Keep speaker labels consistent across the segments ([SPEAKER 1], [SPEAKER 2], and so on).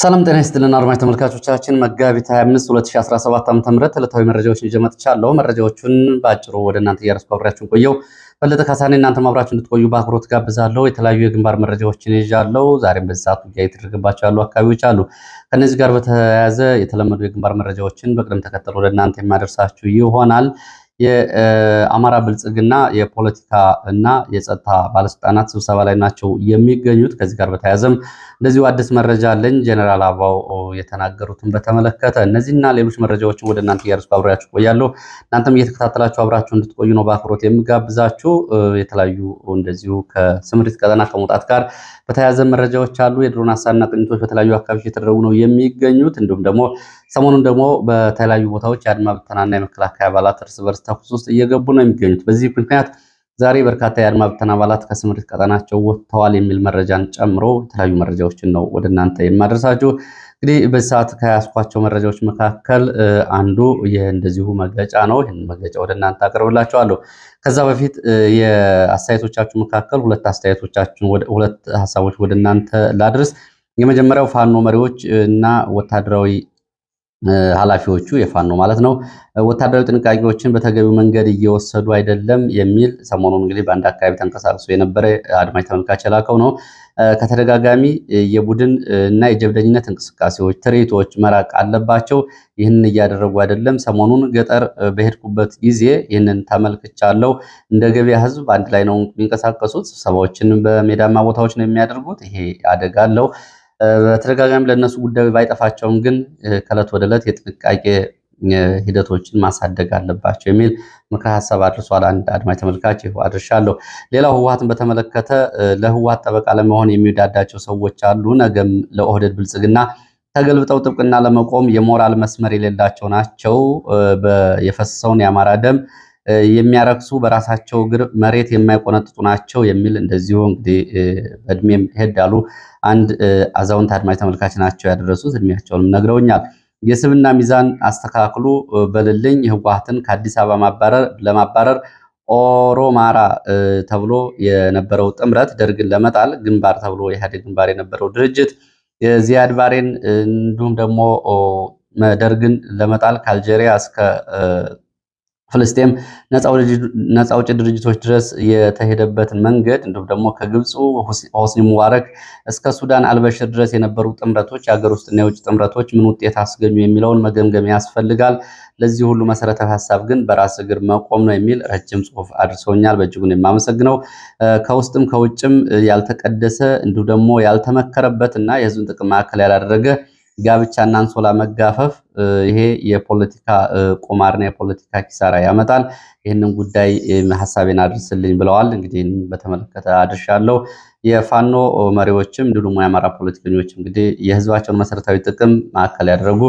[SPEAKER 1] ሰላም ጤና ይስጥልን አድማጭ ተመልካቾቻችን፣ መጋቢት 25 2017 ዓ.ም ተምረት ዕለታዊ መረጃዎችን ይዤ መጥቻለሁ። መረጃዎቹን በአጭሩ ወደ እናንተ እያደረስኩ አብሬያችሁን ቆየው በለጠ ካሳኔ። እናንተ አብራችሁ እንድትቆዩ በአክብሮት ጋብዛለሁ። የተለያዩ የግንባር መረጃዎችን ይዣለሁ። ዛሬም በዚህ ሰዓት ውጊያ የተደረገባቸው ያሉ አካባቢዎች አሉ። ከእነዚህ ጋር በተያያዘ የተለመዱ የግንባር መረጃዎችን በቅደም ተከተል ወደ እናንተ የማደርሳችሁ ይሆናል። የአማራ ብልጽግና የፖለቲካ እና የጸጥታ ባለስልጣናት ስብሰባ ላይ ናቸው የሚገኙት። ከዚህ ጋር በተያያዘም እንደዚሁ አዲስ መረጃ አለኝ። ጀኔራል አበባው የተናገሩትን በተመለከተ እነዚህና ሌሎች መረጃዎችን ወደ እናንተ እያደረስኩ አብሬያችሁ ቆያለሁ። እናንተም እየተከታተላችሁ አብራችሁ እንድትቆዩ ነው በአክብሮት የሚጋብዛችሁ። የተለያዩ እንደዚሁ ከስምሪት ቀጠና ከመውጣት ጋር በተያያዘ መረጃዎች አሉ። የድሮን አሳና ቅኝቶች በተለያዩ አካባቢዎች የተደረጉ ነው የሚገኙት እንዲሁም ደግሞ ሰሞኑን ደግሞ በተለያዩ ቦታዎች የአድማ ብተናና የመከላከያ አባላት እርስ በርስ ተኩስ ውስጥ እየገቡ ነው የሚገኙት። በዚህ ምክንያት ዛሬ በርካታ የአድማ ብተና አባላት ከስምሪት ቀጠናቸው ወጥተዋል የሚል መረጃን ጨምሮ የተለያዩ መረጃዎችን ነው ወደ እናንተ የማደርሳችሁ። እንግዲህ በዚህ ሰዓት ከያስኳቸው መረጃዎች መካከል አንዱ ይህ እንደዚሁ መግለጫ ነው። ይህን መግለጫ ወደ እናንተ አቅርብላችኋለሁ። ከዛ በፊት የአስተያየቶቻችሁ መካከል ሁለት አስተያየቶቻችን ሁለት ሀሳቦች ወደ እናንተ ላድርስ። የመጀመሪያው ፋኖ መሪዎች እና ወታደራዊ ኃላፊዎቹ የፋኖ ማለት ነው ወታደራዊ ጥንቃቄዎችን በተገቢው መንገድ እየወሰዱ አይደለም የሚል ሰሞኑን እንግዲህ በአንድ አካባቢ ተንቀሳቅሶ የነበረ አድማጅ ተመልካች የላከው ነው። ከተደጋጋሚ የቡድን እና የጀብደኝነት እንቅስቃሴዎች፣ ትርኢቶች መራቅ አለባቸው። ይህንን እያደረጉ አይደለም። ሰሞኑን ገጠር በሄድኩበት ጊዜ ይህንን ተመልክቻለሁ። እንደ ገበያ ህዝብ በአንድ ላይ ነው የሚንቀሳቀሱት። ስብሰባዎችን በሜዳማ ቦታዎች ነው የሚያደርጉት። ይሄ አደጋ አለው። በተደጋጋሚ ለእነሱ ጉዳዩ ባይጠፋቸውም ግን ከእለት ወደ እለት የጥንቃቄ ሂደቶችን ማሳደግ አለባቸው የሚል ምክረ ሀሳብ አድርሷል። አንድ አድማጭ ተመልካች ይኸው አድርሻለሁ። ሌላው ህወሀትን በተመለከተ ለህወሀት ጠበቃ ለመሆን የሚወዳዳቸው ሰዎች አሉ፣ ነገም ለኦህደድ ብልጽግና ተገልብጠው ጥብቅና ለመቆም የሞራል መስመር የሌላቸው ናቸው። የፈሰሰውን የአማራ ደም የሚያረክሱ በራሳቸው እግር መሬት የማይቆነጥጡ ናቸው የሚል እንደዚሁ እንግዲህ በእድሜም ሄድ ያሉ አንድ አዛውንት አድማጭ ተመልካች ናቸው ያደረሱት። እድሜያቸውንም ነግረውኛል። የስብና ሚዛን አስተካክሉ በልልኝ። ህወሓትን ከአዲስ አበባ ለማባረር ኦሮማራ ተብሎ የነበረው ጥምረት ደርግን ለመጣል ግንባር ተብሎ የኢህአዴግ ግንባር የነበረው ድርጅት የዚያድ ባሬን እንዲሁም ደግሞ ደርግን ለመጣል ከአልጄሪያ እስከ ፍልስጤም ነፃ አውጪ ድርጅቶች ድረስ የተሄደበትን መንገድ እንዲሁም ደግሞ ከግብፁ ሆስኒ ሙባረክ እስከ ሱዳን አልበሽር ድረስ የነበሩ ጥምረቶች፣ የሀገር ውስጥና የውጭ ጥምረቶች ምን ውጤት አስገኙ የሚለውን መገምገም ያስፈልጋል። ለዚህ ሁሉ መሰረታዊ ሀሳብ ግን በራስ እግር መቆም ነው የሚል ረጅም ጽሁፍ አድርሶኛል። በእጅጉን የማመሰግነው ከውስጥም ከውጭም ያልተቀደሰ እንዲሁ ደግሞ ያልተመከረበት እና የህዝብን ጥቅም ማዕከል ያላደረገ ጋብቻና አንሶላ መጋፈፍ ይሄ የፖለቲካ ቁማርና የፖለቲካ ኪሳራ ያመጣል። ይህንን ጉዳይ ሀሳቤን አድርስልኝ ብለዋል። እንግዲህ በተመለከተ አድርሻለሁ። የፋኖ መሪዎችም እንዲሁም የአማራ ፖለቲከኞች እንግዲህ የህዝባቸውን መሰረታዊ ጥቅም ማዕከል ያደረጉ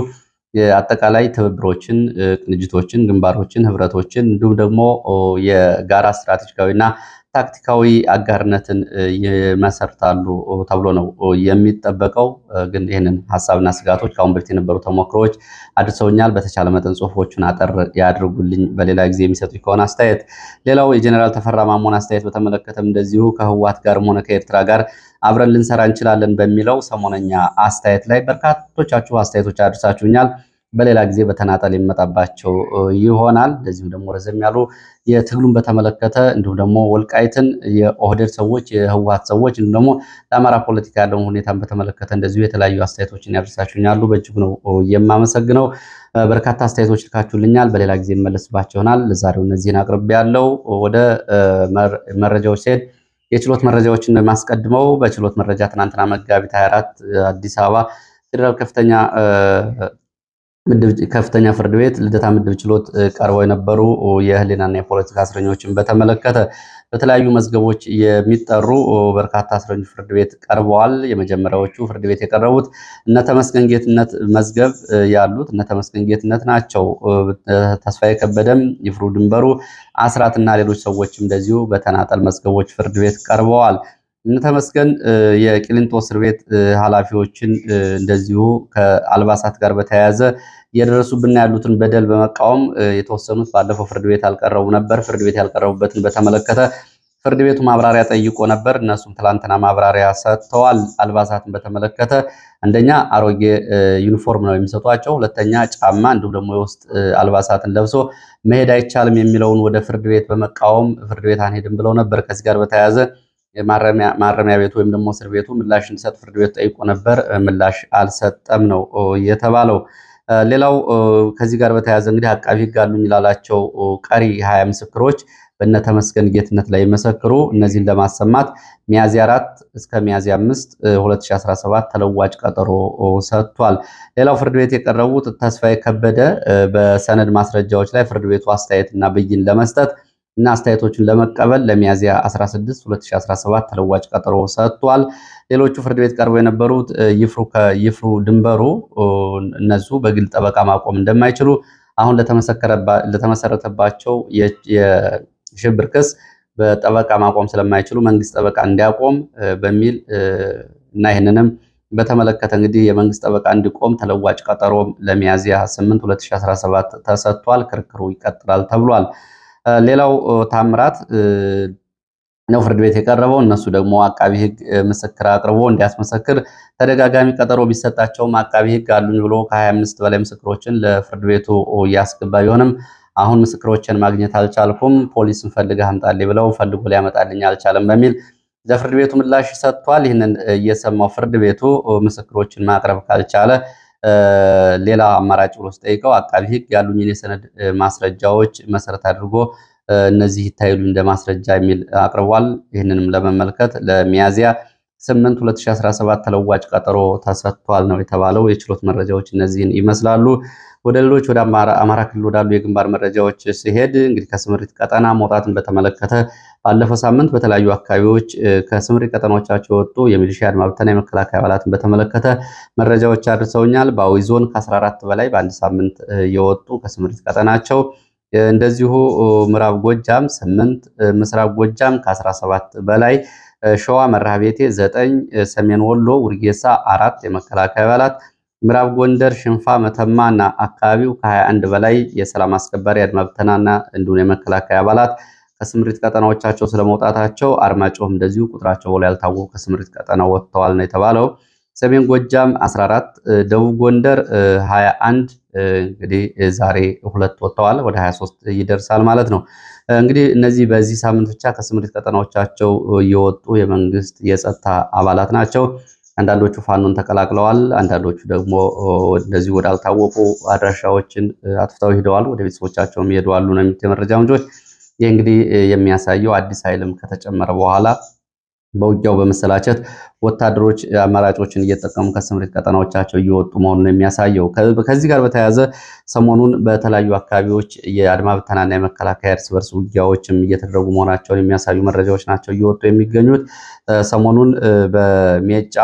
[SPEAKER 1] አጠቃላይ ትብብሮችን፣ ቅንጅቶችን፣ ግንባሮችን፣ ህብረቶችን እንዲሁም ደግሞ የጋራ ስትራቴጂካዊና ታክቲካዊ አጋርነትን ይመሰርታሉ ተብሎ ነው የሚጠበቀው። ግን ይህንን ሀሳብና ስጋቶች ከአሁን በፊት የነበሩ ተሞክሮዎች አድርሰውኛል። በተቻለ መጠን ጽሁፎቹን አጠር ያድርጉልኝ። በሌላ ጊዜ የሚሰጡ ከሆነ አስተያየት። ሌላው የጀኔራል ተፈራ ማሞን አስተያየት በተመለከተም እንደዚሁ ከህዋት ጋርም ሆነ ከኤርትራ ጋር አብረን ልንሰራ እንችላለን በሚለው ሰሞነኛ አስተያየት ላይ በርካቶቻችሁ አስተያየቶች አድርሳችሁኛል። በሌላ ጊዜ በተናጠል ይመጣባቸው ይሆናል። እንደዚሁም ደግሞ ረዘም ያሉ የትግሉን በተመለከተ እንዲሁም ደግሞ ወልቃይትን የኦህደድ ሰዎች፣ የህወሀት ሰዎች እንዲሁም ደግሞ ለአማራ ፖለቲካ ያለውን ሁኔታን በተመለከተ እንደዚሁ የተለያዩ አስተያየቶችን ያደርሳችሁኛሉ። በእጅጉ ነው የማመሰግነው። በርካታ አስተያየቶች ልካችሁልኛል። በሌላ ጊዜ መለስባቸው ይሆናል። ለዛሬው እነዚህን አቅርቤ ያለው ወደ መረጃዎች ሲሄድ የችሎት መረጃዎችን የማስቀድመው በችሎት መረጃ ትናንትና መጋቢት 24 አዲስ አበባ ፌደራል ከፍተኛ ከፍተኛ ፍርድ ቤት ልደታ ምድብ ችሎት ቀርበው የነበሩ የህሊናና የፖለቲካ እስረኞችን በተመለከተ በተለያዩ መዝገቦች የሚጠሩ በርካታ እስረኞች ፍርድ ቤት ቀርበዋል። የመጀመሪያዎቹ ፍርድ ቤት የቀረቡት እነ ተመስገን ጌትነት መዝገብ ያሉት እነ ተመስገን ጌትነት ናቸው። ተስፋዬ ከበደም፣ ይፍሩ ድንበሩ፣ አስራትና ሌሎች ሰዎችም እንደዚሁ በተናጠል መዝገቦች ፍርድ ቤት ቀርበዋል። እነ ተመስገን የቂሊንጦ እስር ቤት ኃላፊዎችን እንደዚሁ ከአልባሳት ጋር በተያያዘ እየደረሱብን ያሉትን በደል በመቃወም የተወሰኑት ባለፈው ፍርድ ቤት አልቀረቡ ነበር። ፍርድ ቤት ያልቀረቡበትን በተመለከተ ፍርድ ቤቱ ማብራሪያ ጠይቆ ነበር። እነሱም ትላንትና ማብራሪያ ሰጥተዋል። አልባሳትን በተመለከተ አንደኛ አሮጌ ዩኒፎርም ነው የሚሰጧቸው፣ ሁለተኛ ጫማ፣ እንዲሁም ደግሞ የውስጥ አልባሳትን ለብሶ መሄድ አይቻልም የሚለውን ወደ ፍርድ ቤት በመቃወም ፍርድ ቤት አንሄድም ብለው ነበር። ከዚህ ጋር በተያያዘ ማረሚያ ቤቱ ወይም ደግሞ እስር ቤቱ ምላሽ እንዲሰጥ ፍርድ ቤት ጠይቆ ነበር። ምላሽ አልሰጠም ነው የተባለው። ሌላው ከዚህ ጋር በተያያዘ እንግዲህ አቃቢ ሕግ አሉኝ ላላቸው ቀሪ ሀያ ምስክሮች በእነ ተመስገን ጌትነት ላይ መሰክሩ። እነዚህን ለማሰማት ሚያዚ አራት እስከ ሚያዝያ አምስት 2017 ተለዋጭ ቀጠሮ ሰጥቷል። ሌላው ፍርድ ቤት የቀረቡት ተስፋዬ ከበደ በሰነድ ማስረጃዎች ላይ ፍርድ ቤቱ አስተያየትና ብይን ለመስጠት እና አስተያየቶችን ለመቀበል ለሚያዝያ 16 2017 ተለዋጭ ቀጠሮ ሰጥቷል። ሌሎቹ ፍርድ ቤት ቀርበው የነበሩት ይፍሩ ድንበሩ እነሱ በግል ጠበቃ ማቆም እንደማይችሉ አሁን ለተመሰረተባቸው የሽብር ክስ በጠበቃ ማቆም ስለማይችሉ መንግስት ጠበቃ እንዲያቆም በሚል እና ይህንንም በተመለከተ እንግዲህ የመንግስት ጠበቃ እንዲቆም ተለዋጭ ቀጠሮ ለሚያዝያ 8 2017 ተሰጥቷል። ክርክሩ ይቀጥላል ተብሏል። ሌላው ታምራት ነው ፍርድ ቤት የቀረበው። እነሱ ደግሞ አቃቢ ሕግ ምስክር አቅርቦ እንዲያስመሰክር ተደጋጋሚ ቀጠሮ ቢሰጣቸውም አቃቢ ሕግ አሉኝ ብሎ ከ25 በላይ ምስክሮችን ለፍርድ ቤቱ እያስገባ ቢሆንም አሁን ምስክሮችን ማግኘት አልቻልኩም፣ ፖሊስን ፈልገህ አምጣልኝ ብለው ፈልጎ ሊያመጣልኝ አልቻለም በሚል ለፍርድ ቤቱ ምላሽ ሰጥቷል። ይህንን እየሰማው ፍርድ ቤቱ ምስክሮችን ማቅረብ ካልቻለ ሌላ አማራጭ ብሎ ስጠይቀው አቃቢ ሕግ ያሉኝን የሰነድ ማስረጃዎች መሰረት አድርጎ እነዚህ ይታይሉ እንደ ማስረጃ የሚል አቅርቧል። ይህንንም ለመመልከት ለሚያዚያ 8 2017 ተለዋጭ ቀጠሮ ተሰጥቷል ነው የተባለው። የችሎት መረጃዎች እነዚህን ይመስላሉ። ወደ ሌሎች ወደ አማራ ክልል ወዳሉ የግንባር መረጃዎች ሲሄድ እንግዲህ ከስምሪት ቀጠና መውጣትን በተመለከተ ባለፈው ሳምንት በተለያዩ አካባቢዎች ከስምሪ ቀጠናዎቻቸው የወጡ የሚሊሻ አድማብተና የመከላከያ አባላትን በተመለከተ መረጃዎች አድርሰውኛል። በአዊ ዞን ከ14 በላይ በአንድ ሳምንት የወጡ ከስምሪ ቀጠናቸው እንደዚሁ ምዕራብ ጎጃም ስምንት ምስራብ ጎጃም ከ17 በላይ ሸዋ ቤቴ ዘጠኝ ሰሜን ወሎ ውርጌሳ አራት የመከላከያ አባላት ምዕራብ ጎንደር ሽንፋ መተማና አካባቢው ከ21 በላይ የሰላም አስከባሪ አድማብተናና እንዲሁም የመከላከያ አባላት ከስምሪት ቀጠናዎቻቸው ስለመውጣታቸው አርማጮም እንደዚሁ ቁጥራቸው ላይ ያልታወቁ ከስምሪት ቀጠና ወጥተዋል ነው የተባለው። ሰሜን ጎጃም 14፣ ደቡብ ጎንደር 21 እንግዲህ ዛሬ ሁለት ወጥተዋል ወደ 23 ይደርሳል ማለት ነው። እንግዲህ እነዚህ በዚህ ሳምንት ብቻ ከስምሪት ቀጠናዎቻቸው የወጡ የመንግስት የጸጥታ አባላት ናቸው። አንዳንዶቹ ፋኖን ተቀላቅለዋል። አንዳንዶቹ ደግሞ እንደዚሁ ወዳልታወቁ አድራሻዎችን አጥፍተው ሂደዋል። ወደ ቤተሰቦቻቸውም ይሄደዋሉ ነው የሚሉት የመረጃ ምንጮች። ይህ እንግዲህ የሚያሳየው አዲስ ኃይልም ከተጨመረ በኋላ በውጊያው በመሰላቸት ወታደሮች አማራጮችን እየጠቀሙ ከስምሪት ቀጠናዎቻቸው እየወጡ መሆኑን የሚያሳየው። ከዚህ ጋር በተያያዘ ሰሞኑን በተለያዩ አካባቢዎች የአድማ ብተናና የመከላከያ እርስ በርስ ውጊያዎችም እየተደረጉ መሆናቸውን የሚያሳዩ መረጃዎች ናቸው እየወጡ የሚገኙት። ሰሞኑን በሜጫ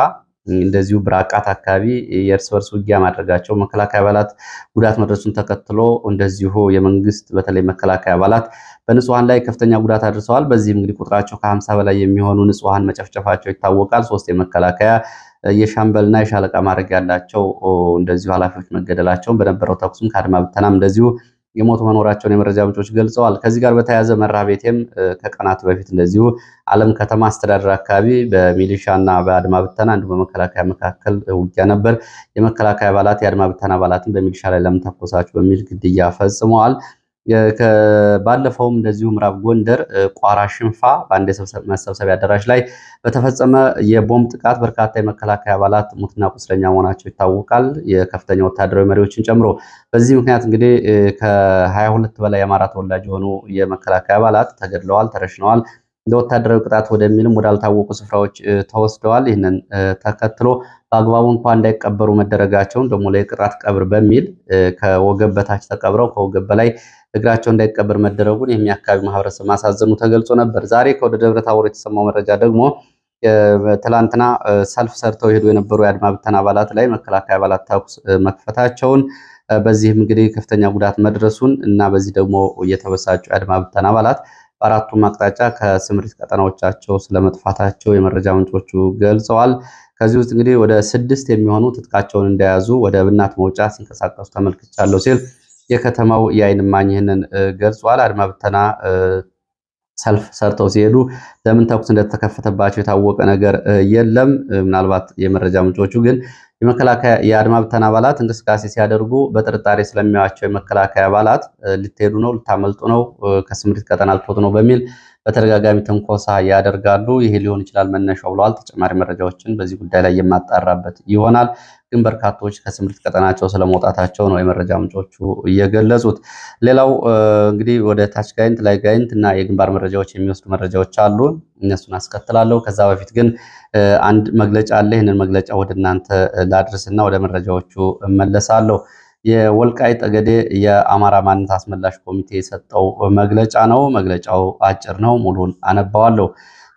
[SPEAKER 1] እንደዚሁ ብራቃት አካባቢ የእርስ በርስ ውጊያ ማድረጋቸው መከላከያ አባላት ጉዳት መድረሱን ተከትሎ እንደዚሁ የመንግስት በተለይ መከላከያ አባላት በንጹሐን ላይ ከፍተኛ ጉዳት አድርሰዋል። በዚህም እንግዲህ ቁጥራቸው ከሀምሳ በላይ የሚሆኑ ንጹሐን መጨፍጨፋቸው ይታወቃል። ሶስት የመከላከያ የሻምበልና የሻለቃ ማድረግ ያላቸው እንደዚሁ ኃላፊዎች መገደላቸውን በነበረው ተኩስም ከአድማ ብተናም እንደዚሁ የሞቱ መኖራቸውን የመረጃ ምንጮች ገልጸዋል። ከዚህ ጋር በተያያዘ መራ ቤቴም ከቀናት በፊት እንደዚሁ አለም ከተማ አስተዳደር አካባቢ በሚሊሻና በአድማ ብተና እንዲሁም በመከላከያ መካከል ውጊያ ነበር። የመከላከያ አባላት የአድማ ብተና አባላትን በሚሊሻ ላይ ለምን ተኮሳችሁ በሚል ግድያ ፈጽመዋል። ባለፈውም እንደዚሁ ምዕራብ ጎንደር ቋራ ሽንፋ በአንድ መሰብሰቢያ አዳራሽ ላይ በተፈጸመ የቦምብ ጥቃት በርካታ የመከላከያ አባላት ሙትና ቁስለኛ መሆናቸው ይታወቃል። የከፍተኛ ወታደራዊ መሪዎችን ጨምሮ በዚህ ምክንያት እንግዲህ ከ22 በላይ የአማራ ተወላጅ የሆኑ የመከላከያ አባላት ተገድለዋል፣ ተረሽነዋል ለወታደራዊ ቅጣት ወደሚልም ወዳልታወቁ ስፍራዎች ተወስደዋል። ይህንን ተከትሎ በአግባቡ እንኳ እንዳይቀበሩ መደረጋቸውን ደግሞ ለቅጣት ቀብር በሚል ከወገብ በታች ተቀብረው ከወገብ በላይ እግራቸው እንዳይቀበር መደረጉን የሚ ማህበረሰብ ማሳዘኑ ተገልጾ ነበር። ዛሬ ከወደ ደብረ ታቦር የተሰማው መረጃ ደግሞ ትላንትና ሰልፍ ሰርተው ሄዱ የነበሩ የአድማ ብተን አባላት ላይ መከላከያ አባላት ተኩስ መክፈታቸውን በዚህም እንግዲህ ከፍተኛ ጉዳት መድረሱን እና በዚህ ደግሞ እየተበሳጩ የአድማ ብተን አባላት በአራቱም አቅጣጫ ከስምሪት ቀጠናዎቻቸው ስለመጥፋታቸው የመረጃ ምንጮቹ ገልጸዋል። ከዚህ ውስጥ እንግዲህ ወደ ስድስት የሚሆኑ ትጥቃቸውን እንደያዙ ወደ ብናት መውጫ ሲንቀሳቀሱ ተመልክቻለሁ ሲል የከተማው የአይን እማኝ ይህንን ገልጿል። አድማ ብተና ሰልፍ ሰርተው ሲሄዱ ለምን ተኩስ እንደተከፈተባቸው የታወቀ ነገር የለም። ምናልባት የመረጃ ምንጮቹ ግን የመከላከያ የአድማ ብተና አባላት እንቅስቃሴ ሲያደርጉ በጥርጣሬ ስለሚያዋቸው የመከላከያ አባላት ልትሄዱ ነው፣ ልታመልጡ ነው፣ ከስምሪት ቀጠና ልትወጡ ነው በሚል በተደጋጋሚ ትንኮሳ ያደርጋሉ። ይሄ ሊሆን ይችላል መነሻው ብለዋል። ተጨማሪ መረጃዎችን በዚህ ጉዳይ ላይ የማጣራበት ይሆናል። ግን በርካቶች ከትምህርት ቀጠናቸው ስለመውጣታቸው ነው የመረጃ ምንጮቹ እየገለጹት። ሌላው እንግዲህ ወደ ታች ጋይንት፣ ላይ ጋይንት እና የግንባር መረጃዎች የሚወስዱ መረጃዎች አሉ። እነሱን አስከትላለሁ። ከዛ በፊት ግን አንድ መግለጫ አለ። ይህንን መግለጫ ወደ እናንተ ላድርስና ወደ መረጃዎቹ እመለሳለሁ። የወልቃይ ጠገዴ የአማራ ማንነት አስመላሽ ኮሚቴ የሰጠው መግለጫ ነው። መግለጫው አጭር ነው። ሙሉን አነባዋለሁ።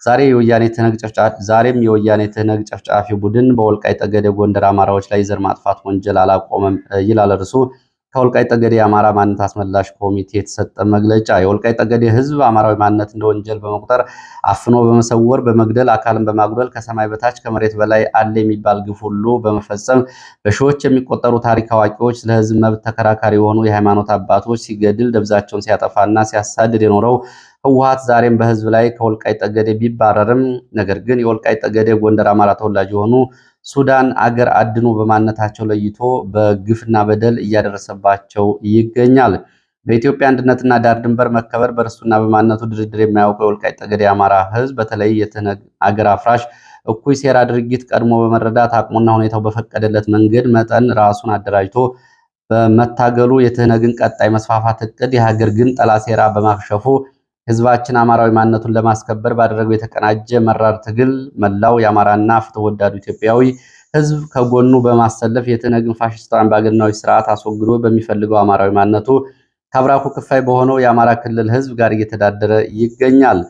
[SPEAKER 1] ዛሬ የወያኔ ትህነግ ጨፍጫፊ ዛሬም የወያኔ ትህነግ ጨፍጫፊ ቡድን በወልቃይ ጠገዴ ጎንደር አማራዎች ላይ ዘር ማጥፋት ወንጀል አላቆመም ይላል እርሱ። ከወልቃይ ጠገዴ የአማራ ማንነት አስመላሽ ኮሚቴ የተሰጠ መግለጫ የወልቃይ ጠገዴ ህዝብ አማራዊ ማንነት እንደ ወንጀል በመቁጠር አፍኖ በመሰወር በመግደል አካልን በማጉደል ከሰማይ በታች ከመሬት በላይ አለ የሚባል ግፍ ሁሉ በመፈጸም በሺዎች የሚቆጠሩ ታሪክ አዋቂዎች፣ ለህዝብ መብት ተከራካሪ የሆኑ የሃይማኖት አባቶች ሲገድል ደብዛቸውን ሲያጠፋና ሲያሳድድ የኖረው ህወሓት ዛሬም በህዝብ ላይ ከወልቃይ ጠገዴ ቢባረርም ነገር ግን የወልቃይ ጠገዴ ጎንደር አማራ ተወላጅ የሆኑ ሱዳን አገር አድኖ በማንነታቸው ለይቶ በግፍና በደል እያደረሰባቸው ይገኛል። በኢትዮጵያ አንድነትና ዳር ድንበር መከበር በርስቱና በማንነቱ ድርድር የማያውቀው የወልቃይ ጠገዴ አማራ ህዝብ በተለይ የትነግ አገር አፍራሽ እኩይ ሴራ ድርጊት ቀድሞ በመረዳት አቅሙና ሁኔታው በፈቀደለት መንገድ መጠን ራሱን አደራጅቶ በመታገሉ የትህነግን ቀጣይ መስፋፋት እቅድ የሀገር ግን ጠላ ሴራ በማክሸፉ ህዝባችን አማራዊ ማንነቱን ለማስከበር ባደረገው የተቀናጀ መራር ትግል መላው የአማራና ፍትህ ወዳዱ ኢትዮጵያዊ ህዝብ ከጎኑ በማሰለፍ የትነግን ፋሽስት አምባገነናዊ ስርዓት አስወግዶ በሚፈልገው አማራዊ ማንነቱ ከአብራኩ ክፋይ በሆነው የአማራ ክልል ህዝብ ጋር እየተዳደረ ይገኛል።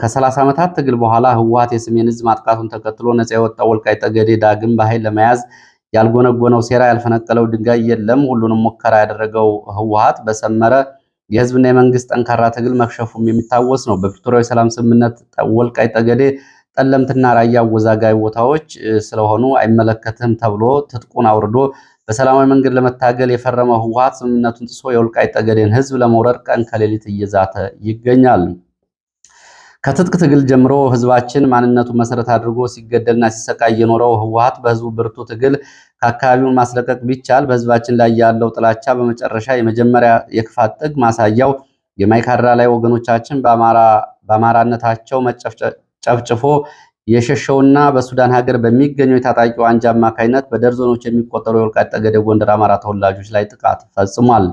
[SPEAKER 1] ከ30 ዓመታት ትግል በኋላ ህወሀት የሰሜን ህዝብ ማጥቃቱን ተከትሎ ነጻ የወጣው ወልቃይት ጠገዴ ዳግም በኃይል ለመያዝ ያልጎነጎነው ሴራ ያልፈነቀለው ድንጋይ የለም። ሁሉንም ሙከራ ያደረገው ህወሀት በሰመረ የህዝብና የመንግስት ጠንካራ ትግል መክሸፉም የሚታወስ ነው። በፕሪቶሪያው ሰላም ስምምነት ወልቃይ ጠገዴ፣ ጠለምትና ራያ አወዛጋቢ ቦታዎች ስለሆኑ አይመለከትም ተብሎ ትጥቁን አውርዶ በሰላማዊ መንገድ ለመታገል የፈረመው ህወሓት ስምምነቱን ጥሶ የወልቃይ ጠገዴን ህዝብ ለመውረር ቀን ከሌሊት እየዛተ ይገኛል። ከትጥቅ ትግል ጀምሮ ህዝባችን ማንነቱ መሰረት አድርጎ ሲገደልና ሲሰቃይ የኖረው ህወሓት በህዝቡ ብርቱ ትግል ከአካባቢውን ማስለቀቅ ቢቻል በህዝባችን ላይ ያለው ጥላቻ በመጨረሻ የመጀመሪያ የክፋት ጥግ ማሳያው የማይካድራ ላይ ወገኖቻችን በአማራነታቸው ጨፍጭፎ የሸሸውና በሱዳን ሀገር በሚገኘው የታጣቂ አንጃ አማካኝነት በደርዘኖች የሚቆጠሩ የወልቃይት ጠገዴ ጎንደር አማራ ተወላጆች ላይ ጥቃት ፈጽሟል።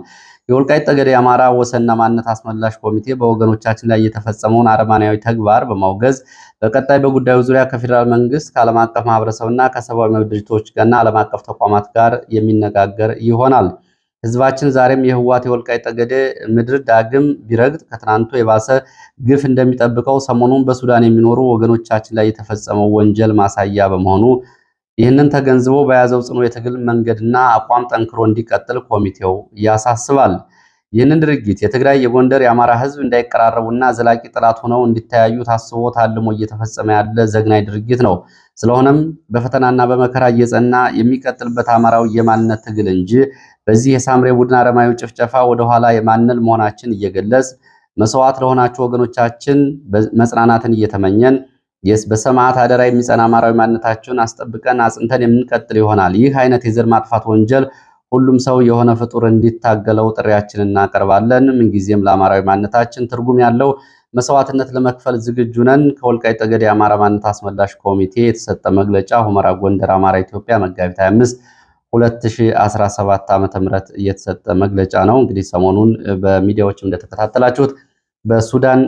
[SPEAKER 1] የወልቃይት ጠገዴ የአማራ ወሰንና ማንነት አስመላሽ ኮሚቴ በወገኖቻችን ላይ የተፈጸመውን አረማናዊ ተግባር በማውገዝ በቀጣይ በጉዳዩ ዙሪያ ከፌዴራል መንግስት ከዓለም አቀፍ ማህበረሰብና ከሰብአዊ መብት ድርጅቶችና ዓለም አቀፍ ተቋማት ጋር የሚነጋገር ይሆናል። ህዝባችን ዛሬም የህወሓት የወልቃይት ጠገዴ ምድር ዳግም ቢረግጥ ከትናንቱ የባሰ ግፍ እንደሚጠብቀው ሰሞኑን በሱዳን የሚኖሩ ወገኖቻችን ላይ የተፈጸመው ወንጀል ማሳያ በመሆኑ ይህንን ተገንዝቦ በያዘው ጽኑ የትግል መንገድና አቋም ጠንክሮ እንዲቀጥል ኮሚቴው ያሳስባል። ይህንን ድርጊት የትግራይ፣ የጎንደር፣ የአማራ ህዝብ እንዳይቀራረቡና ዘላቂ ጥላት ሆነው እንዲተያዩ ታስቦ ታልሞ እየተፈጸመ ያለ ዘግናይ ድርጊት ነው። ስለሆነም በፈተናና በመከራ እየጸና የሚቀጥልበት አማራዊ የማንነት ትግል እንጂ በዚህ የሳምሬ ቡድን አረማዊ ጭፍጨፋ ወደኋላ የማንል መሆናችን እየገለጽ መስዋዕት ለሆናችሁ ወገኖቻችን መጽናናትን እየተመኘን የስ በሰማዕት አደራ የሚጸና አማራዊ ማንነታችን አስጠብቀን አጽንተን የምንቀጥል ይሆናል። ይህ አይነት የዘር ማጥፋት ወንጀል ሁሉም ሰው የሆነ ፍጡር እንዲታገለው ጥሪያችንን እናቀርባለን። ምንጊዜም ለአማራዊ ማንነታችን ትርጉም ያለው መስዋዕትነት ለመክፈል ዝግጁ ነን። ከወልቃይ ጠገድ የአማራ ማንነት አስመላሽ ኮሚቴ የተሰጠ መግለጫ ሁመራ፣ ጎንደር፣ አማራ ኢትዮጵያ መጋቢት 25 2017 ዓ.ም የተሰጠ መግለጫ ነው። እንግዲህ ሰሞኑን በሚዲያዎችም እንደተከታተላችሁት በሱዳን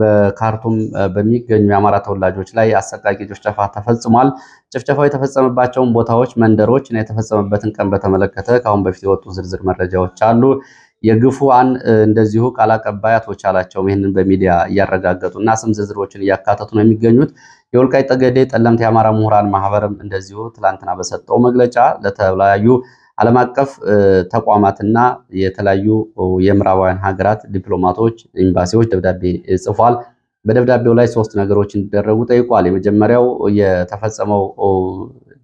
[SPEAKER 1] በካርቱም በሚገኙ የአማራ ተወላጆች ላይ አሰቃቂ ጭፍጨፋ ተፈጽሟል። ጭፍጨፋው የተፈጸመባቸውን ቦታዎች፣ መንደሮች እና የተፈጸመበትን ቀን በተመለከተ ከአሁን በፊት የወጡ ዝርዝር መረጃዎች አሉ። የግፉአን እንደዚሁ ቃል አቀባይ አቶ ቻላቸውም ይህንን በሚዲያ እያረጋገጡ እና ስም ዝርዝሮችን እያካተቱ ነው የሚገኙት። የወልቃይ ጠገዴ ጠለምት የአማራ ምሁራን ማህበርም እንደዚሁ ትላንትና በሰጠው መግለጫ ለተለያዩ ዓለም አቀፍ ተቋማትና የተለያዩ የምዕራባውያን ሀገራት ዲፕሎማቶች፣ ኤምባሲዎች ደብዳቤ ጽፏል። በደብዳቤው ላይ ሶስት ነገሮች እንዲደረጉ ጠይቋል። የመጀመሪያው የተፈጸመው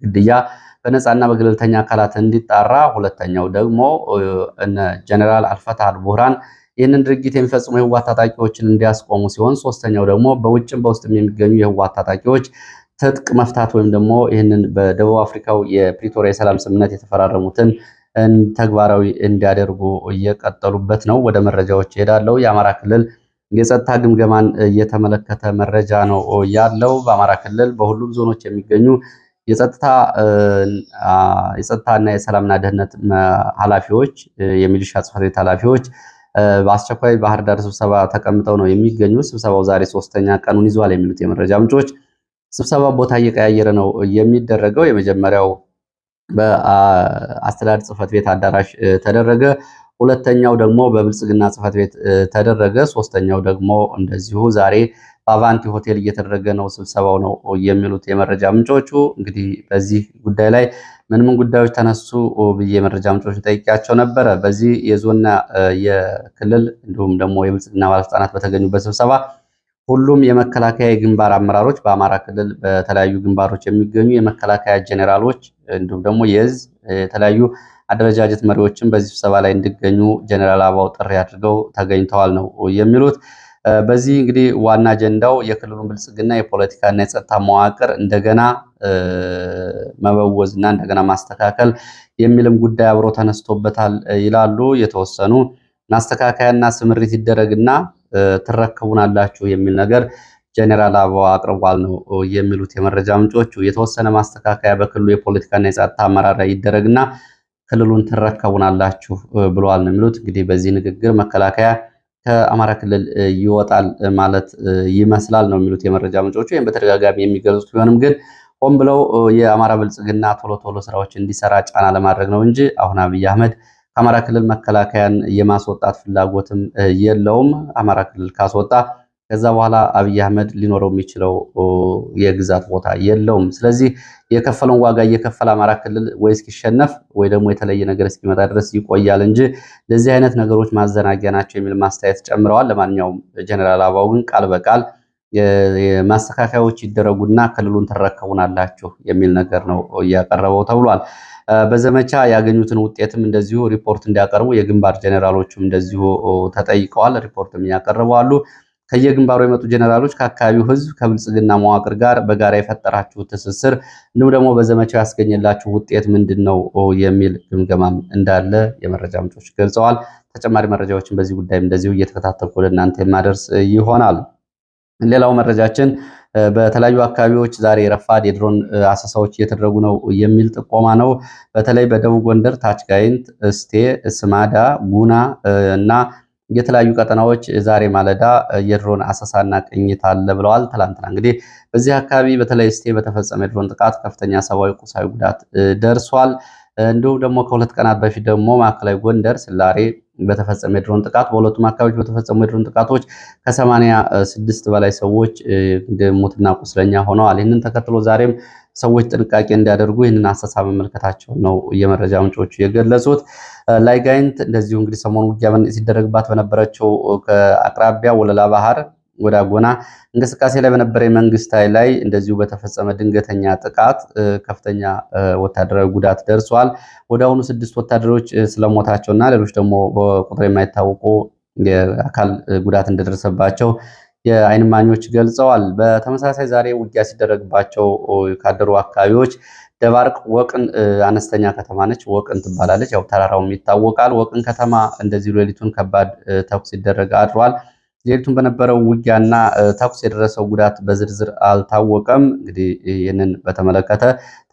[SPEAKER 1] ግድያ በነፃና በገለልተኛ አካላት እንዲጣራ፣ ሁለተኛው ደግሞ እነ ጀኔራል አልፈታ አልቡርሃን ይህንን ድርጊት የሚፈጽሙ የህወሓት ታጣቂዎችን እንዲያስቆሙ ሲሆን ሶስተኛው ደግሞ በውጭም በውስጥም የሚገኙ የህወሓት ታጣቂዎች ትጥቅ መፍታት ወይም ደግሞ ይህንን በደቡብ አፍሪካው የፕሪቶሪያ የሰላም ስምምነት የተፈራረሙትን ተግባራዊ እንዲያደርጉ እየቀጠሉበት ነው። ወደ መረጃዎች ይሄዳለው። የአማራ ክልል የጸጥታ ግምገማን እየተመለከተ መረጃ ነው ያለው። በአማራ ክልል በሁሉም ዞኖች የሚገኙ የጸጥታና የሰላምና ደህንነት ኃላፊዎች የሚሊሻ ጽሕፈት ቤት ኃላፊዎች በአስቸኳይ ባህር ዳር ስብሰባ ተቀምጠው ነው የሚገኙ። ስብሰባው ዛሬ ሶስተኛ ቀኑን ይዟል የሚሉት የመረጃ ምንጮች ስብሰባ ቦታ እየቀያየረ ነው የሚደረገው። የመጀመሪያው በአስተዳደር ጽህፈት ቤት አዳራሽ ተደረገ። ሁለተኛው ደግሞ በብልጽግና ጽህፈት ቤት ተደረገ። ሶስተኛው ደግሞ እንደዚሁ ዛሬ በአቫንቲ ሆቴል እየተደረገ ነው ስብሰባው ነው የሚሉት የመረጃ ምንጮቹ። እንግዲህ በዚህ ጉዳይ ላይ ምን ምን ጉዳዮች ተነሱ ብዬ የመረጃ ምንጮች ጠይቄያቸው ነበረ። በዚህ የዞንና የክልል እንዲሁም ደግሞ የብልጽግና ባለስልጣናት በተገኙበት ስብሰባ ሁሉም የመከላከያ ግንባር አመራሮች በአማራ ክልል በተለያዩ ግንባሮች የሚገኙ የመከላከያ ጀኔራሎች እንዲሁም ደግሞ የዝ የተለያዩ አደረጃጀት መሪዎችን በዚህ ስብሰባ ላይ እንዲገኙ ጀኔራል አበባው ጥሪ አድርገው ተገኝተዋል ነው የሚሉት። በዚህ እንግዲህ ዋና አጀንዳው የክልሉን ብልጽግና የፖለቲካና የጸጥታ መዋቅር እንደገና መበወዝ እና እንደገና ማስተካከል የሚልም ጉዳይ አብሮ ተነስቶበታል ይላሉ። የተወሰኑ ማስተካከያና ስምሪት ይደረግና ትረከቡናላችሁ የሚል ነገር ጀኔራል አበባው አቅርቧል ነው የሚሉት የመረጃ ምንጮቹ። የተወሰነ ማስተካከያ በክልሉ የፖለቲካና የጸጥታ አመራር ላይ ይደረግና ክልሉን ትረከቡናላችሁ ብለዋል ነው የሚሉት። እንግዲህ በዚህ ንግግር መከላከያ ከአማራ ክልል ይወጣል ማለት ይመስላል ነው የሚሉት የመረጃ ምንጮቹ። ይህም በተደጋጋሚ የሚገልጹት ቢሆንም ግን ሆን ብለው የአማራ ብልጽግና ቶሎ ቶሎ ስራዎች እንዲሰራ ጫና ለማድረግ ነው እንጂ አሁን አብይ አህመድ ከአማራ ክልል መከላከያን የማስወጣት ፍላጎትም የለውም። አማራ ክልል ካስወጣ ከዛ በኋላ አብይ አህመድ ሊኖረው የሚችለው የግዛት ቦታ የለውም። ስለዚህ የከፈለውን ዋጋ እየከፈለ አማራ ክልል ወይ እስኪሸነፍ ወይ ደግሞ የተለየ ነገር እስኪመጣ ድረስ ይቆያል እንጂ ለዚህ አይነት ነገሮች ማዘናጊያ ናቸው የሚል ማስተያየት ጨምረዋል። ለማንኛውም ጀኔራል አበባው ግን ቃል በቃል ማስተካከያዎች ይደረጉና ክልሉን ትረከቡናላችሁ የሚል ነገር ነው እያቀረበው ተብሏል። በዘመቻ ያገኙትን ውጤትም እንደዚሁ ሪፖርት እንዲያቀርቡ የግንባር ጀኔራሎቹም እንደዚሁ ተጠይቀዋል። ሪፖርትም እያቀረቡ አሉ። ከየግንባሩ የመጡ ጀኔራሎች ከአካባቢው ህዝብ ከብልጽግና መዋቅር ጋር በጋራ የፈጠራችሁ ትስስር እንዲሁም ደግሞ በዘመቻው ያስገኘላችሁ ውጤት ምንድን ነው የሚል ግምገማም እንዳለ የመረጃ ምንጮች ገልጸዋል። ተጨማሪ መረጃዎችን በዚህ ጉዳይም እንደዚሁ እየተከታተልኩ ወደ እናንተ የማደርስ ይሆናል። ሌላው መረጃችን በተለያዩ አካባቢዎች ዛሬ ረፋድ የድሮን አሰሳዎች እየተደረጉ ነው የሚል ጥቆማ ነው። በተለይ በደቡብ ጎንደር ታች ጋይንት፣ እስቴ፣ ስማዳ፣ ጉና እና የተለያዩ ቀጠናዎች ዛሬ ማለዳ የድሮን አሰሳና ቅኝት አለ ብለዋል። ትላንትና እንግዲህ በዚህ አካባቢ በተለይ እስቴ በተፈጸመ የድሮን ጥቃት ከፍተኛ ሰብአዊ፣ ቁሳዊ ጉዳት ደርሷል። እንዲሁም ደግሞ ከሁለት ቀናት በፊት ደግሞ ማዕከላዊ ጎንደር ስላሬ በተፈጸመ የድሮን ጥቃት በሁለቱም አካባቢዎች በተፈጸሙ የድሮን ጥቃቶች ከሰማንያ ስድስት በላይ ሰዎች ሞትና ቁስለኛ ሆነዋል። ይህንን ተከትሎ ዛሬም ሰዎች ጥንቃቄ እንዲያደርጉ ይህንን አሰሳ መመልከታቸው ነው የመረጃ ምንጮቹ የገለጹት። ላይጋይንት እንደዚሁ እንግዲህ ሰሞኑ ውጊያ ሲደረግባት በነበረችው ከአቅራቢያ ወለላ ባህር ወደ አጎና እንቅስቃሴ ላይ በነበረ የመንግስት ኃይል ላይ እንደዚሁ በተፈጸመ ድንገተኛ ጥቃት ከፍተኛ ወታደራዊ ጉዳት ደርሷል። ወደ አሁኑ ስድስት ወታደሮች ስለሞታቸውና ሌሎች ደግሞ በቁጥር የማይታወቁ የአካል ጉዳት እንደደረሰባቸው የአይን ማኞች ገልጸዋል። በተመሳሳይ ዛሬ ውጊያ ሲደረግባቸው ካደሩ አካባቢዎች ደባርቅ ወቅን አነስተኛ ከተማ ነች፣ ወቅን ትባላለች። ያው ተራራውም ይታወቃል። ወቅን ከተማ እንደዚህ ሌሊቱን ከባድ ተኩስ ሲደረግ አድሯል። ሌሊቱን በነበረው ውጊያና ተኩስ የደረሰው ጉዳት በዝርዝር አልታወቀም። እንግዲህ ይህንን በተመለከተ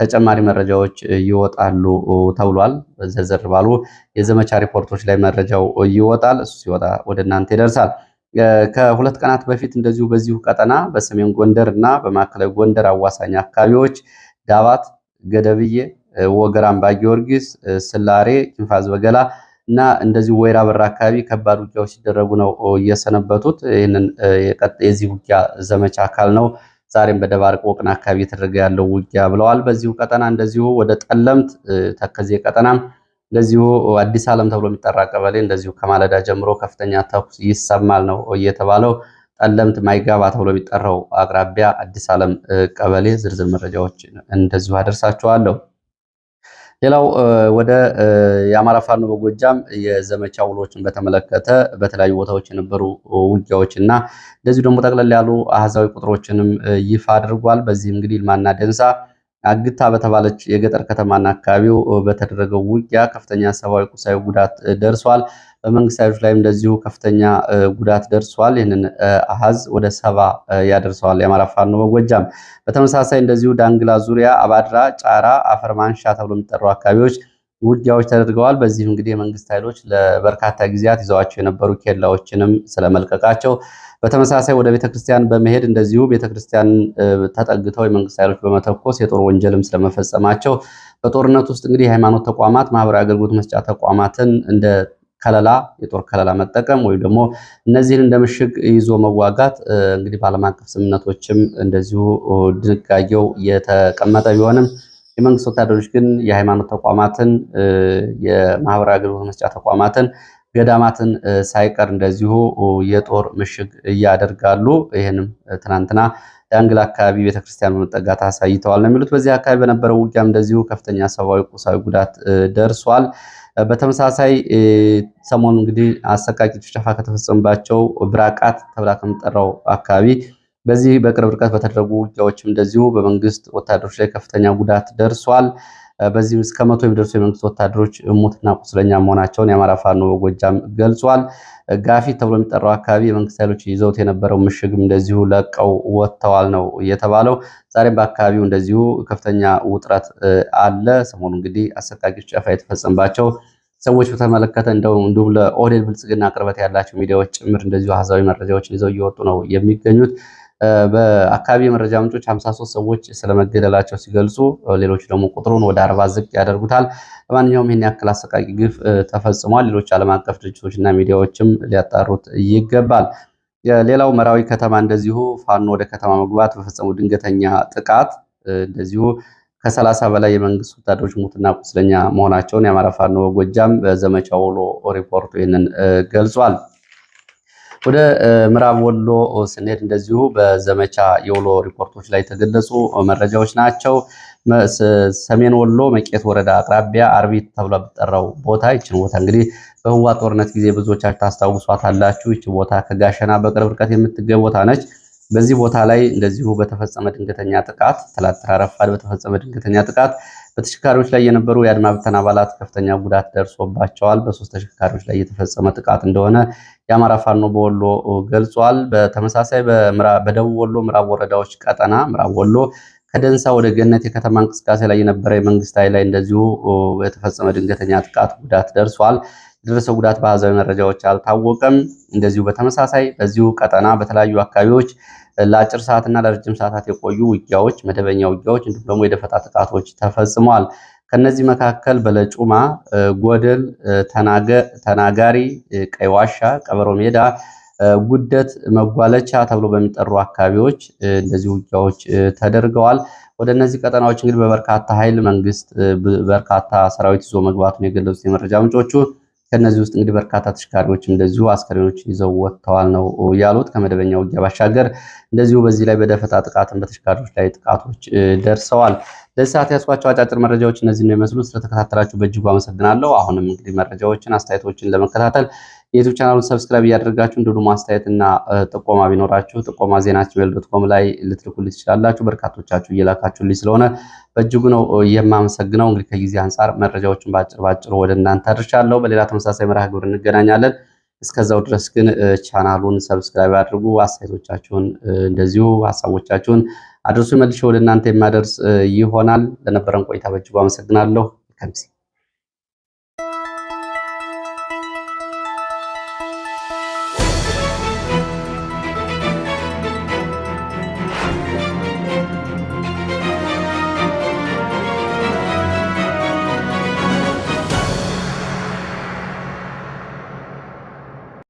[SPEAKER 1] ተጨማሪ መረጃዎች ይወጣሉ ተብሏል። ዝርዝር ባሉ የዘመቻ ሪፖርቶች ላይ መረጃው ይወጣል። እሱ ሲወጣ ወደ እናንተ ይደርሳል። ከሁለት ቀናት በፊት እንደዚሁ በዚሁ ቀጠና በሰሜን ጎንደር እና በማዕከላዊ ጎንደር አዋሳኝ አካባቢዎች ዳባት፣ ገደብዬ፣ ወገራምባ ጊዮርጊስ፣ ስላሬ፣ ኪንፋዝ በገላ እና እንደዚሁ ወይራ በራ አካባቢ ከባድ ውጊያዎች ሲደረጉ ነው እየሰነበቱት። ይህንን የዚህ ውጊያ ዘመቻ አካል ነው ዛሬም በደባርቅ ወቅን አካባቢ የተደረገ ያለው ውጊያ ብለዋል። በዚሁ ቀጠና እንደዚሁ ወደ ጠለምት ተከዜ ቀጠና እንደዚሁ አዲስ ዓለም ተብሎ የሚጠራ ቀበሌ እንደዚሁ ከማለዳ ጀምሮ ከፍተኛ ተኩስ ይሰማል ነው እየተባለው። ጠለምት ማይጋባ ተብሎ የሚጠራው አቅራቢያ አዲስ ዓለም ቀበሌ ዝርዝር መረጃዎች እንደዚሁ አደርሳችኋለሁ። ሌላው ወደ የአማራ ፋኖ በጎጃም የዘመቻ ውሎችን በተመለከተ በተለያዩ ቦታዎች የነበሩ ውጊያዎች እና እንደዚሁ ደግሞ ጠቅለል ያሉ አሃዛዊ ቁጥሮችንም ይፋ አድርጓል። በዚህም እንግዲህ ልማና ደንሳ አግታ በተባለች የገጠር ከተማና አካባቢው በተደረገው ውጊያ ከፍተኛ ሰብአዊ፣ ቁሳዊ ጉዳት ደርሷል። በመንግስት ኃይሎች ላይም እንደዚሁ ከፍተኛ ጉዳት ደርሷል። ይህንን አሃዝ ወደ ሰባ ያደርሰዋል የአማራ ፋኖ በጎጃም። በተመሳሳይ እንደዚሁ ዳንግላ ዙሪያ፣ አባድራ፣ ጫራ፣ አፈር ማንሻ ተብሎ የሚጠሩ አካባቢዎች ውጊያዎች ተደርገዋል። በዚህም እንግዲህ የመንግስት ኃይሎች ለበርካታ ጊዜያት ይዘዋቸው የነበሩ ኬላዎችንም ስለመልቀቃቸው በተመሳሳይ ወደ ቤተክርስቲያን በመሄድ እንደዚሁ ቤተክርስቲያን ተጠግተው የመንግስት ኃይሎች በመተኮስ የጦር ወንጀልም ስለመፈጸማቸው በጦርነት ውስጥ እንግዲህ የሃይማኖት ተቋማት ማህበራዊ አገልግሎት መስጫ ተቋማትን እንደ ከለላ የጦር ከለላ መጠቀም ወይም ደግሞ እነዚህን እንደ ምሽግ ይዞ መዋጋት እንግዲህ በዓለም አቀፍ ስምምነቶችም እንደዚሁ ድንጋጌው የተቀመጠ ቢሆንም የመንግስት ወታደሮች ግን የሃይማኖት ተቋማትን፣ የማህበራዊ አገልግሎት መስጫ ተቋማትን፣ ገዳማትን ሳይቀር እንደዚሁ የጦር ምሽግ እያደርጋሉ። ይህንም ትናንትና ዳንግላ አካባቢ ቤተክርስቲያን በመጠጋት አሳይተዋል ነው የሚሉት። በዚህ አካባቢ በነበረው ውጊያም እንደዚሁ ከፍተኛ ሰብአዊ፣ ቁሳዊ ጉዳት ደርሷል። በተመሳሳይ ሰሞኑ እንግዲህ አሰቃቂ ጭፍጨፋ ከተፈጸመባቸው ብራቃት ተብላ ከምጠራው አካባቢ በዚህ በቅርብ ርቀት በተደረጉ ውጊያዎችም እንደዚሁ በመንግስት ወታደሮች ላይ ከፍተኛ ጉዳት ደርሷል። በዚህ እስከ መቶ የሚደርሱ የመንግስት ወታደሮች ሙትና ቁስለኛ መሆናቸውን የአማራ ፋኖ ጎጃም ገልጿል። ጋፊ ተብሎ የሚጠራው አካባቢ የመንግስት ኃይሎች ይዘውት የነበረው ምሽግም እንደዚሁ ለቀው ወጥተዋል ነው የተባለው። ዛሬም በአካባቢው እንደዚሁ ከፍተኛ ውጥረት አለ። ሰሞኑ እንግዲህ አሰቃቂ ጨፋ የተፈጸመባቸው ሰዎች በተመለከተ እንደው እንዲሁም ለኦህዴድ ብልጽግና ቅርበት ያላቸው ሚዲያዎች ጭምር እንደዚሁ አሃዛዊ መረጃዎችን ይዘው እየወጡ ነው የሚገኙት። በአካባቢ የመረጃ ምንጮች 53 ሰዎች ስለመገደላቸው ሲገልጹ፣ ሌሎች ደግሞ ቁጥሩን ወደ አርባ ዝቅ ያደርጉታል። ለማንኛውም ይህን ያክል አሰቃቂ ግፍ ተፈጽሟል። ሌሎች ዓለም አቀፍ ድርጅቶችና ሚዲያዎችም ሊያጣሩት ይገባል። ሌላው መራዊ ከተማ እንደዚሁ ፋኖ ወደ ከተማ መግባት በፈጸሙ ድንገተኛ ጥቃት እንደዚሁ ከሰላሳ በላይ የመንግስት ወታደሮች ሙትና ቁስለኛ መሆናቸውን የአማራ ፋኖ በጎጃም በዘመቻ ውሎ ሪፖርቱ ይህንን ገልጿል። ወደ ምዕራብ ወሎ ስንሄድ እንደዚሁ በዘመቻ የውሎ ሪፖርቶች ላይ የተገለጹ መረጃዎች ናቸው። ሰሜን ወሎ መቄት ወረዳ አቅራቢያ አርቢት ተብሎ በጠራው ቦታ ይችን ቦታ እንግዲህ በህዋ ጦርነት ጊዜ ብዙዎቻችሁ ታስታውሷት አላችሁ። ይች ቦታ ከጋሸና በቅርብ ርቀት የምትገኝ ቦታ ነች። በዚህ ቦታ ላይ እንደዚሁ በተፈጸመ ድንገተኛ ጥቃት ትላንትና ረፋድ በተፈጸመ ድንገተኛ ጥቃት በተሽከርካሪዎች ላይ የነበሩ የአድማ ብተና አባላት ከፍተኛ ጉዳት ደርሶባቸዋል። በሶስት ተሽከርካሪዎች ላይ የተፈጸመ ጥቃት እንደሆነ የአማራ ፋኖ በወሎ ገልጿል። በተመሳሳይ በደቡብ ወሎ ምዕራብ ወረዳዎች ቀጠና ምዕራብ ወሎ ከደንሳ ወደ ገነት የከተማ እንቅስቃሴ ላይ የነበረ የመንግስት ኃይል ላይ እንደዚሁ የተፈጸመ ድንገተኛ ጥቃት ጉዳት ደርሷል። የደረሰው ጉዳት በአሃዛዊ መረጃዎች አልታወቀም። እንደዚሁ በተመሳሳይ በዚሁ ቀጠና በተለያዩ አካባቢዎች ለአጭር ሰዓትና ለረጅም ሰዓታት የቆዩ ውጊያዎች፣ መደበኛ ውጊያዎች እንዲሁም ደግሞ የደፈጣ ጥቃቶች ተፈጽመዋል። ከነዚህ መካከል በለጩማ፣ ጎደል፣ ተናጋሪ፣ ቀይ ዋሻ፣ ቀበሮ ሜዳ፣ ጉደት፣ መጓለቻ ተብሎ በሚጠሩ አካባቢዎች እንደዚህ ውጊያዎች ተደርገዋል። ወደ እነዚህ ቀጠናዎች እንግዲህ በበርካታ ኃይል መንግስት በርካታ ሰራዊት ይዞ መግባቱን የገለጹት የመረጃ ምንጮቹ ከእነዚህ ውስጥ እንግዲህ በርካታ ተሽካሪዎች እንደዚሁ አስከሬኖች ይዘው ወጥተዋል ነው ያሉት። ከመደበኛ ውጊያ ባሻገር እንደዚሁ በዚህ ላይ በደፈጣ ጥቃትን በተሽካሪዎች ላይ ጥቃቶች ደርሰዋል። ለዚህ ሰዓት ያስኳቸው አጫጭር መረጃዎች እነዚህ ነው የሚመስሉት። ስለተከታተላችሁ በእጅጉ አመሰግናለሁ። አሁንም እንግዲህ መረጃዎችን፣ አስተያየቶችን ለመከታተል የዩቱብ ቻናሉን ሰብስክራይብ እያደረጋችሁ እንዲሁም ማስተያየትና ጥቆማ ቢኖራችሁ ጥቆማ ዜና ጂሜል ዶት ኮም ላይ ልትልኩልኝ ትችላላችሁ። በርካቶቻችሁ እየላካችሁልኝ ስለሆነ በእጅጉ ነው የማመሰግነው። እንግዲህ ከጊዜ አንጻር መረጃዎችን በአጭር በአጭሩ ወደ እናንተ አድርሻለሁ። በሌላ ተመሳሳይ መርሃ ግብር እንገናኛለን። እስከዛው ድረስ ግን ቻናሉን ሰብስክራይብ አድርጉ። አስተያየቶቻችሁን እንደዚሁ ሀሳቦቻችሁን አድርሱ። መልሼ ወደ እናንተ የማደርስ ይሆናል። ለነበረን ቆይታ በእጅጉ አመሰግናለሁ። ከምሴ